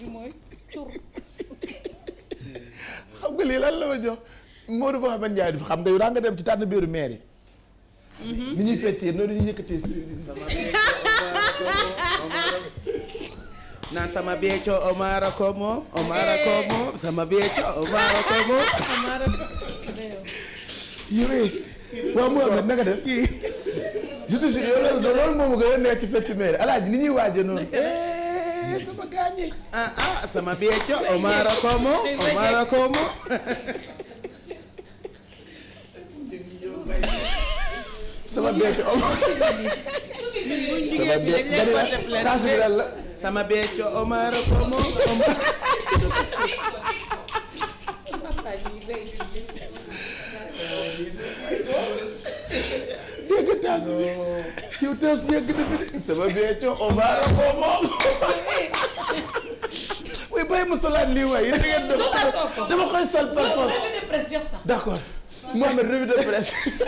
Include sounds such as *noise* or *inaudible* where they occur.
bi mooy xam nga lii lan la ma jox Modou Mouhamed Ndiaye du fi xam nga daa nga dem ci tànn biiru maire yi. Mhm. ni ñuy fettee noonu ñu yëkkatee eh, te jure yow loolu moom moo gën a nekk ci fête maire alaaji ni ñuy waaje noonu. eh sama gaañi ah ah sama beeco Omar Akomo Omar Akomo. *laughs* sama beeco Omar. sama beeco sama beeco Omar Akomo Omar. dégg taas bi. yow tey su yegg dafa ne sama béykat on va la ko lii waaye yéen da ngeen def dama koy sol par force. d' accord Mohamed revue